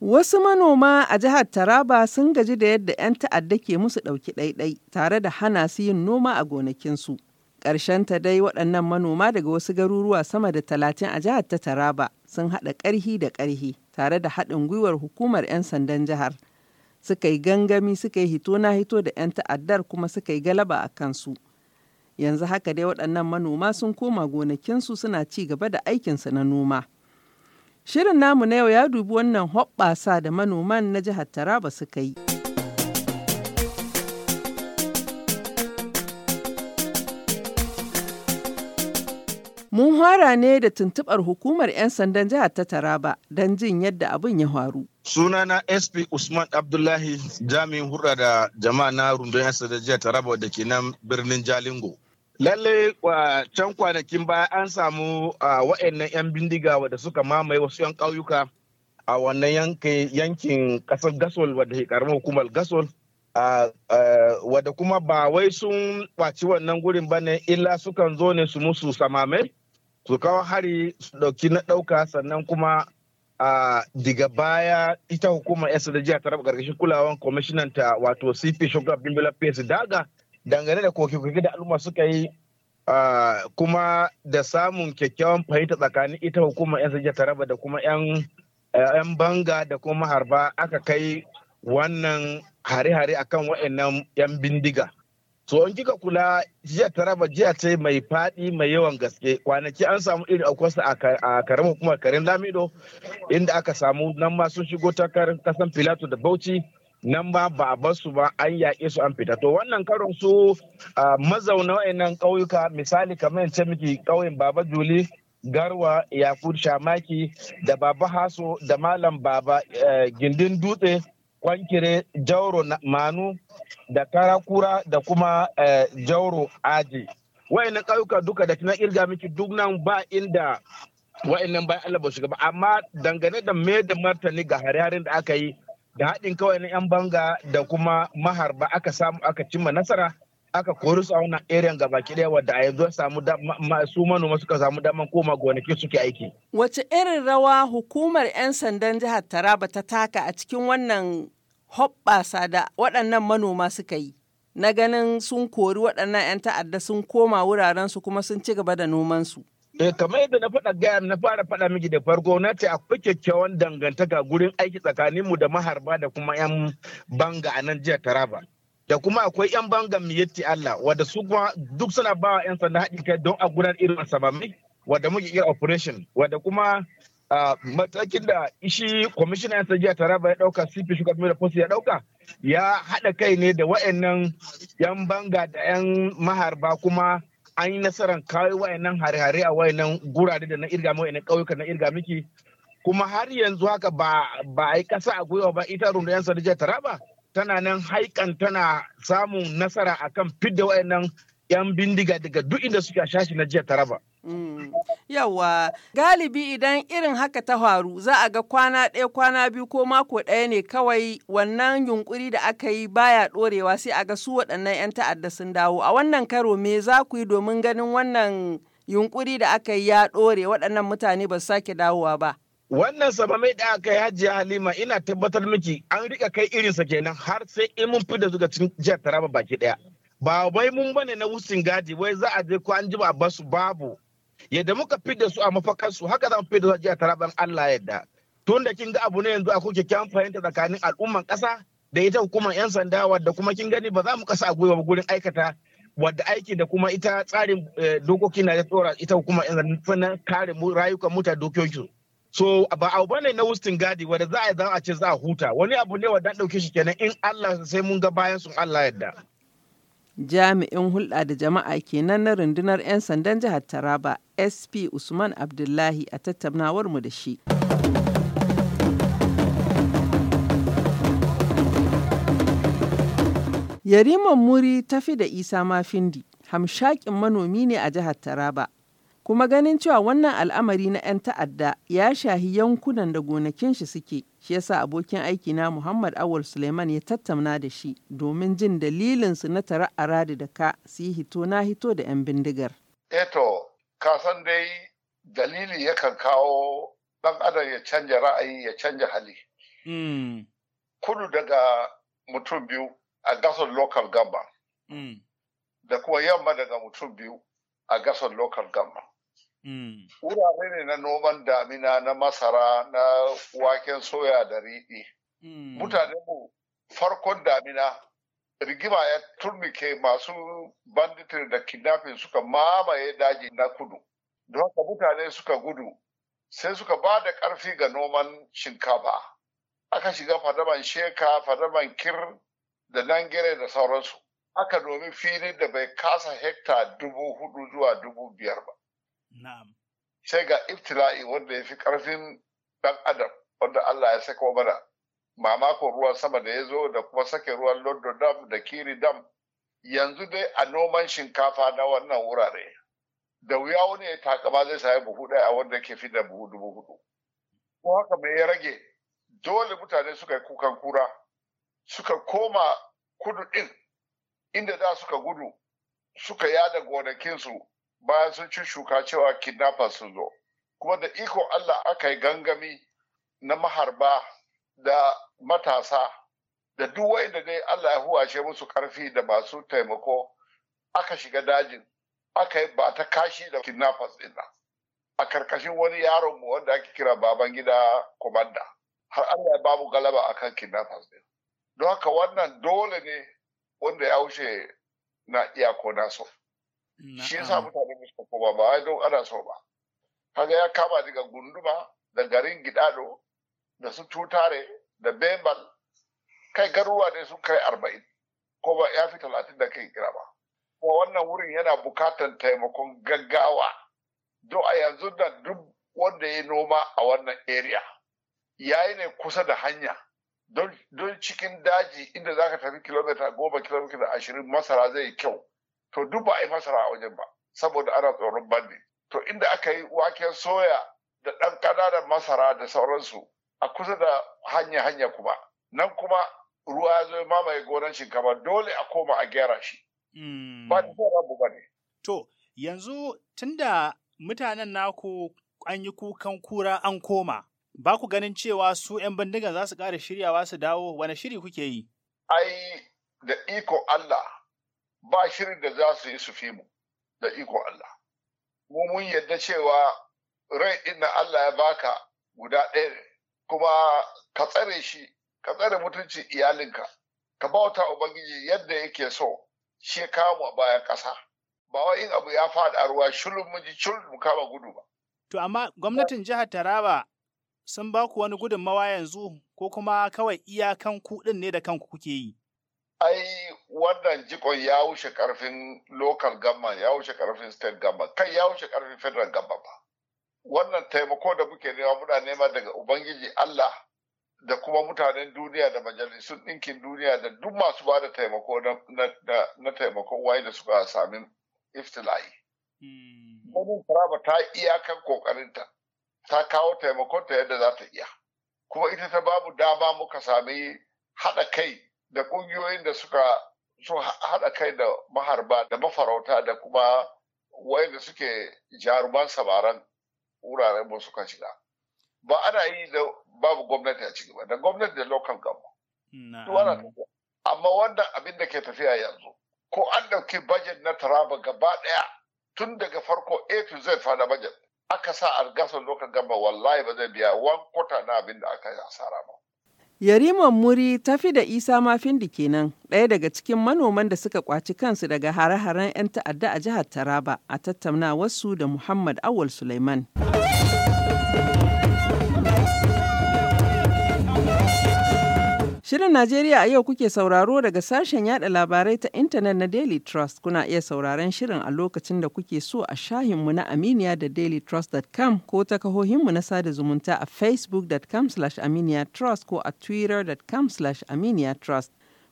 Wasu manoma a jihar Taraba sun gaji da yadda 'yan ta'adda ke musu ɗauki ɗaiɗai tare da hana su yin noma a gonakinsu. Ƙarshen ta dai waɗannan manoma daga wasu garuruwa sama da talatin a jihar ta Taraba sun haɗa ƙarhi da ƙarhi tare da haɗin gwiwar hukumar 'yan sandan jihar. Suka yi gangami suka yi hito na hito da 'yan ta'addar kuma suka yi galaba a kansu. Yanzu haka dai waɗannan manoma sun koma gonakinsu suna ci gaba da aikinsu na noma. Shirin namu na yau ya dubi wannan hoɓɓasa da manoman na jihar Taraba suka yi. Mun hara ne da tuntuɓar hukumar 'yan sandan jihar ta Taraba don jin yadda abin ya faru. sunana sp usman abdullahi jami'in hurra da jama'a na rundun yan sandan jihar taraba da ke nan birnin jalingo Lallai can kwanakin baya an samu wa'annan 'yan bindiga wadda suka mamaye wasu 'yan ƙauyuka a wannan yankin ƙasar gasol wadda ke karamar hukumar gasol. wadda kuma ba wai sun kwaci wannan gurin ba ne illa sukan zo ne su musu samame su kawo hari su ɗauki na ɗauka sannan kuma diga baya ita hukumar yasa da jiya ta raba ƙarƙashin kulawan kwamishinanta ta wato cp shugab bimbila Pace daga dangane da koke-koke da al'umma suka yi kuma da samun kyakkyawan fahimta tsakanin ita hukumar 'yan sajiya taraba da kuma 'yan banga da kuma harba aka kai wannan hare-hare akan wa'annan 'yan bindiga. So in kika kula jiya taraba jiya ce mai faɗi mai yawan gaske kwanaki an samu irin akwasa a karamin hukumar karin lamido inda aka samu nan ma sun shigo ta kasan filato da bauchi nan ba ba basu ba an yaƙe su an fita to wannan karon su mazauna wayannan ƙauyuka misali kamar yance miki ƙauyen baba juli garwa yakud shamaki da baba haso da malam baba e, gindin dutse kwankire jauro manu da karakura da kuma e, jauro aji wayannan ƙauyuka duka da na irga miki duk nan ba inda wa'annan bayan Allah ba shiga ba amma dangane da me da martani ga hare da aka yi da haɗin kawai na 'yan banga da kuma maharba aka samu aka cimma nasara aka kori su a wannan gaba ɗaya wadda a yanzu samu su manoma suka samu daman koma gonaki suke aiki. Wace irin rawa hukumar 'yan sandan jihar Taraba ta taka a cikin wannan hoɓɓasa da waɗannan manoma suka yi? Na ganin sun kori waɗannan 'yan ta'adda sun koma wurarensu kuma sun ci gaba da nomansu. Eh, kamar yadda na faɗa gaya na fara faɗa miki da farko na ce akwai kyakkyawan dangantaka gurin aiki mu da maharba da kuma 'yan banga a nan jihar Taraba. Da kuma akwai 'yan banga miyatti Allah wadda su kuma duk suna ba wa 'yan sanda haɗin kai don a gudanar irin sababbi wadda muke iya operation wadda kuma matakin da ishi kwamishinan 'yan sanda Taraba ya ɗauka CP shugaban da posi ya ɗauka ya haɗa kai ne da wa'annan 'yan banga da 'yan maharba kuma an yi nasarar kawo wayannan hare-hare a wayannan gurare da na irga wayannan ƙauyuka na irga miki kuma har yanzu haka ba a yi ƙasa a gwiwa ba ita yan sandija taraba tana nan haikan tana samun nasara akan fidda wayannan 'yan bindiga daga duk inda suke a shashi na jiya taraba. Mm. Yawa galibi idan irin haka ta faru za a ga kwana ɗaya kwana biyu ko mako ɗaya ne kawai wannan yunkuri da aka yi baya ɗorewa sai a ga su waɗannan 'yan ta'adda sun dawo. A wannan karo me za ku yi domin ganin wannan yunkuri da aka yi ya ɗore waɗannan mutane ba su sake dawowa ba. Wannan sabamai da aka yi hajiya Halima ina tabbatar miki an rika kai irinsa kenan har sai in mun fi da zuga cikin jihar Taraba baki ɗaya. ba wai mun bane na wucin gadi wai za a je ko an ji ba basu babu yadda muka fi da su a mafakar su haka za mu fi da su a jiya taraban Allah yadda tun da kin ga abu ne yanzu a kuke kyan fahimta tsakanin al'umman ƙasa da ita hukumar 'yan sanda wadda kuma kin gani ba za mu kasa a gwiwa gurin aikata wadda aiki da kuma ita tsarin eh, dokoki na da tsora ita hukumar 'yan sanda kare rayukan mutane dokokin so ba abu bane na wustin gadi wadda za a yi za a ce za a huta wani abu ne wadda ɗauke shi kenan in Allah sai mun ga bayan sun Allah yadda. Jami'in hulɗa da jama'a kenan na rundunar 'yan sandan jihar Taraba SP Usman Abdullahi a tattaunawar mu da shi. Yariman Muri tafi da Isa Mafindi, hamshakin manomi ne a jihar Taraba. Kuma ganin cewa wannan al'amari na 'yan ta'adda ya shahi yankunan da gonakin shi suke, shi yasa abokin aiki na Muhammad Awul Suleiman ya tattauna da shi domin jin dalilinsu na tara da ka su yi hito na hito da 'yan bindigar. Eto, eh kasan dai dalili yakan kawo ɗan adam ya canja ra'ayi ya canja hali. Mm. Kudu daga mutum biyu a gasar local gamba. Mm. Da kuma yamma daga mutum biyu a gasar local gamba. Mm. Wurare ne na noman damina na masara na waken soya da riɗi. Mm. mutane mu farkon damina rigima ya turnike masu banditiri da kidnapping suka mamaye daji na kudu. Don haka mutane suka gudu sai suka ba da ƙarfi ga noman shinkafa. Aka shiga fadaman sheka, fadaman kir da nangere da sauransu. Aka domin fili da bai kasa hekta dubu hudu zuwa dubu biyar ba. Na'am. Sai ga ibtila'i wanda ya fi ƙarfin ɗan adam wanda Allah ya saka mana mamakon ruwan sama da ya zo da kuma sake ruwan Londo dam da Kiri dam yanzu dai a noman shinkafa na wannan wurare da wuya wani ya takama zai sami buhu ɗaya wanda ke fi da buhu dubu hudu. Ko haka mai ya rage dole mutane suka yi kukan kura suka koma kudu ɗin inda za suka gudu suka yada gonakinsu bayan sun ci shuka cewa kidnappers sun zo kuma da iko Allah aka yi gangami na maharba da matasa da duk da dai Allah ya huwace musu karfi da masu taimako aka shiga dajin aka yi ba ta kashi da kidnappers din a karkashin wani yaron mu wanda ake kira baban gida komanda har Allah ya babu galaba akan kidnappers din don haka wannan dole ne wanda ya wuce na iyako so. shi yasa mutane ba su koma ba wai don ana so ba kaga ya kama daga gunduma da garin gidado da su tutare da bembal kai garuwa ne sun kai arba'in ko ba ya fi talatin da kai kira ba kuma wannan wurin yana bukatan taimakon gaggawa don a yanzu da duk wanda ya noma a wannan area yayi ne kusa da hanya don cikin daji inda za ka tafi kilomita goma kilomita ashirin masara zai kyau to duk ba a yi masara a wajen ba saboda ana tsoron banne to inda aka yi waken soya da ɗan ƙananan masara da sauransu a kusa da hanya-hanya kuma nan kuma ruwa ya zo mamaye gonar shinkafa dole a koma a gyara shi hmm. ba da rabu ba ne to yanzu tunda mutanen naku an yi kukan kura an koma ba ku ganin cewa su 'yan bindigan za su ƙara shiryawa su dawo wani shiri kuke yi ai da iko Allah ba shirin da za su yi su fi mu da iko Allah mu mun yadda cewa rai ɗin na Allah ya baka guda ɗaya ne kuma ka tsare shi ka tsare mutuncin iyalinka ka bauta ubangiji yadda yake so shi kama bayan ƙasa ba wai in abu ya faɗa ruwa shulun mu ji shulun mu kama gudu ba to amma gwamnatin jihar Taraba sun ba ku wani gudunmawa yanzu ko kuma kawai iyakan kuɗin ne da kanku kuke yi ai wannan jikon ya wuce karfin local government ya wuce karfin state government kai ya wuce karfin federal government ba wannan taimako da muke nema muna nema daga ubangiji Allah da kuma mutanen duniya da majalisun ɗinkin duniya da duk masu ba da taimako na taimakon waye da suka sami iftila'i. Wani hmm. Karaba ta iyakan kokarinta ta kawo taimakonta yadda za ta iya. Kuma ita ta babu dama muka sami haɗa kai da ƙungiyoyin da suka sun haɗa kai da maharba da mafarauta da kuma wayanda suke jaruman samaran wuraren ba suka shiga ba ana yi da babu gwamnati a ciki ba da gwamnati da local government amma wannan abin da ke tafiya yanzu ko an ɗauki bajet na taraba gaba ɗaya tun daga farko a to z fada bajet aka sa a gasa local government wallahi ba zai biya wan kwata na abin da aka yi asara ba Yariman Muri ta fi da Isa Mafindi kenan, ɗaya daga cikin manoman da suka kwaci kansu daga hare-haren 'yan ta'adda a jihar Taraba a tattaunawarsu da Muhammad Awal Suleiman. Shirin Najeriya a yau kuke sauraro daga sashen yada labarai ta intanet na Daily Trust. Kuna iya sauraron shirin a lokacin da kuke so a shahinmu na Aminiya da dailytrust.com ko ta kahohinmu na sada zumunta a facebook.com slash aminiyatrust ko a twitter.com slash aminiyatrust.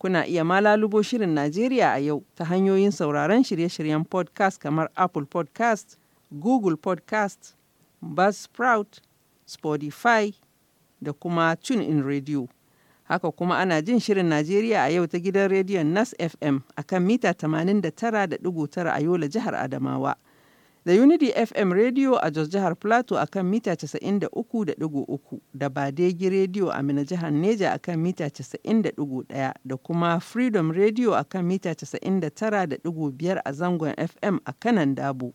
Kuna iya malalubo shirin Najeriya a yau ta hanyoyin sauraron shirye-shiryen podcast kamar Apple podcast, Google podcast, Buzzsprout, Spotify da kuma TuneIn Radio. Haka kuma ana jin Shirin Najeriya a yau ta gidan rediyon Nas FM a kan mita 89.9 a Yola jihar Adamawa. Da Unity FM Radio a Jos jihar Plateau a kan mita 93.3 da Badegi Radio a Mina jihar Neja a kan mita 90.1 da kuma Freedom Radio a kan mita 99.5 a zangon FM a kanan Dabo.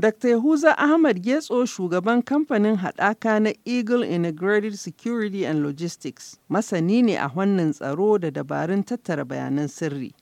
Dr. Yahuza Ahmad Getso shugaban kamfanin haɗaka na Eagle Integrated Security and Logistics masani ne a wannan tsaro da dabarun tattara bayanan sirri.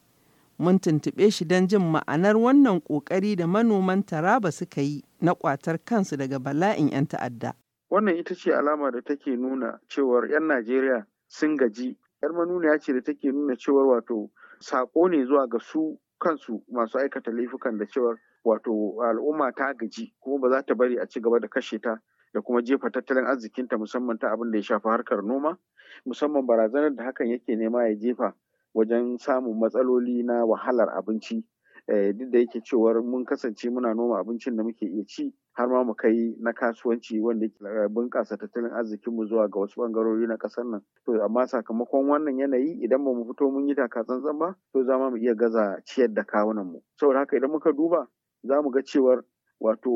Mun tuntuɓe shi don jin ma'anar wannan ƙoƙari da manoman Taraba suka yi na ƙwatar kansu daga bala'in 'yan ta'adda. Wannan ita ce alama da take nuna cewar 'yan Najeriya sun gaji. 'Yar manuniya ce da take nuna cewar wato saƙo ne zuwa ga su kansu masu aikata laifukan da cewar wato al'umma ta gaji kuma ba za ta bari a ci gaba da kashe ta da kuma jefa tattalin arzikinta musamman ta abin da ya shafi harkar noma musamman barazanar da hakan yake nema ya jefa wajen samun matsaloli na wahalar abinci eh, duk da yake cewar mun kasance muna noma abincin da muke iya ci har ma mu kai na kasuwanci wanda yake eh, bunƙasa tattalin arzikinmu zuwa ga wasu ɓangarori na ƙasar nan to amma sakamakon wannan yanayi idan ba mu fito mun yi taka tsantsan ba to za mu iya gaza ciyar da kawunan kawunanmu saboda haka idan muka duba za mu ga cewar wato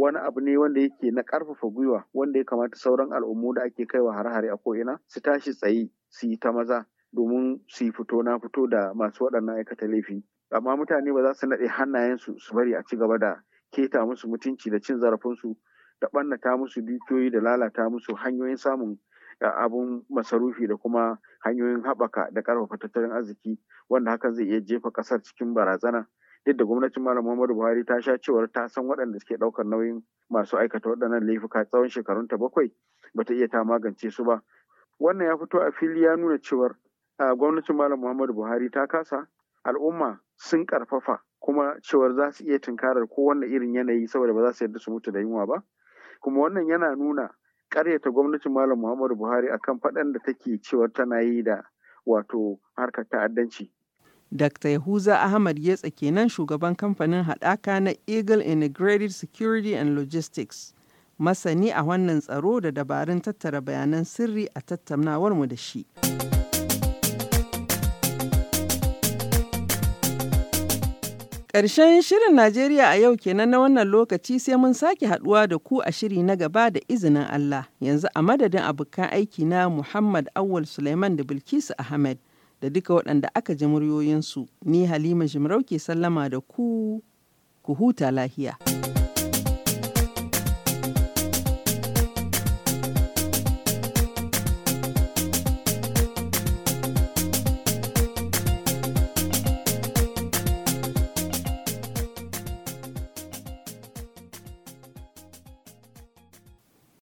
wani abu ne wanda yake na ƙarfafa gwiwa wanda ya kamata sauran al'ummu da ake kaiwa har-hare a ko'ina su tashi tsaye su yi ta maza domin su yi fito na fito da masu waɗannan aikata laifi amma mutane ba za su naɗe hannayensu su bari a ci gaba da keta musu mutunci da cin zarafinsu da ɓannata musu dukiyoyi da lalata musu hanyoyin samun abun masarufi da kuma hanyoyin haɓaka da ƙarfafa tattalin arziki wanda hakan zai iya jefa ƙasar cikin barazana Yadda gwamnatin malam muhammadu buhari ta sha cewar ta san waɗanda suke ɗaukar nauyin masu aikata waɗannan laifuka tsawon ta bakwai bata iya ta magance su ba wannan ya fito a fili ya nuna cewar gwamnatin malam muhammadu buhari ta kasa al'umma sun karfafa kuma cewar za su iya tunkarar kowanne irin yanayi saboda ba za su yarda su mutu da yunwa ba kuma wannan yana nuna karyata gwamnatin malam muhammadu buhari akan faɗan da take cewar tana yi da wato harkar ta'addanci Dr. Yahuza Ahmad yatsa kenan shugaban kamfanin haɗaka na Eagle Integrated Security and Logistics. Masani a wannan tsaro da dabarun tattara bayanan sirri a tattaunawarmu da shi. Ƙarshen shirin Najeriya a yau kenan na wannan lokaci sai mun sake haɗuwa da ku a shiri na gaba da izinin Allah. Yanzu a madadin abokan aiki na Muhammad Awul Suleiman da Bilkisu Ahmed. da duka waɗanda aka ji muryoyinsu ni Halima Jimarau ke sallama da ku, ku huta lahiya.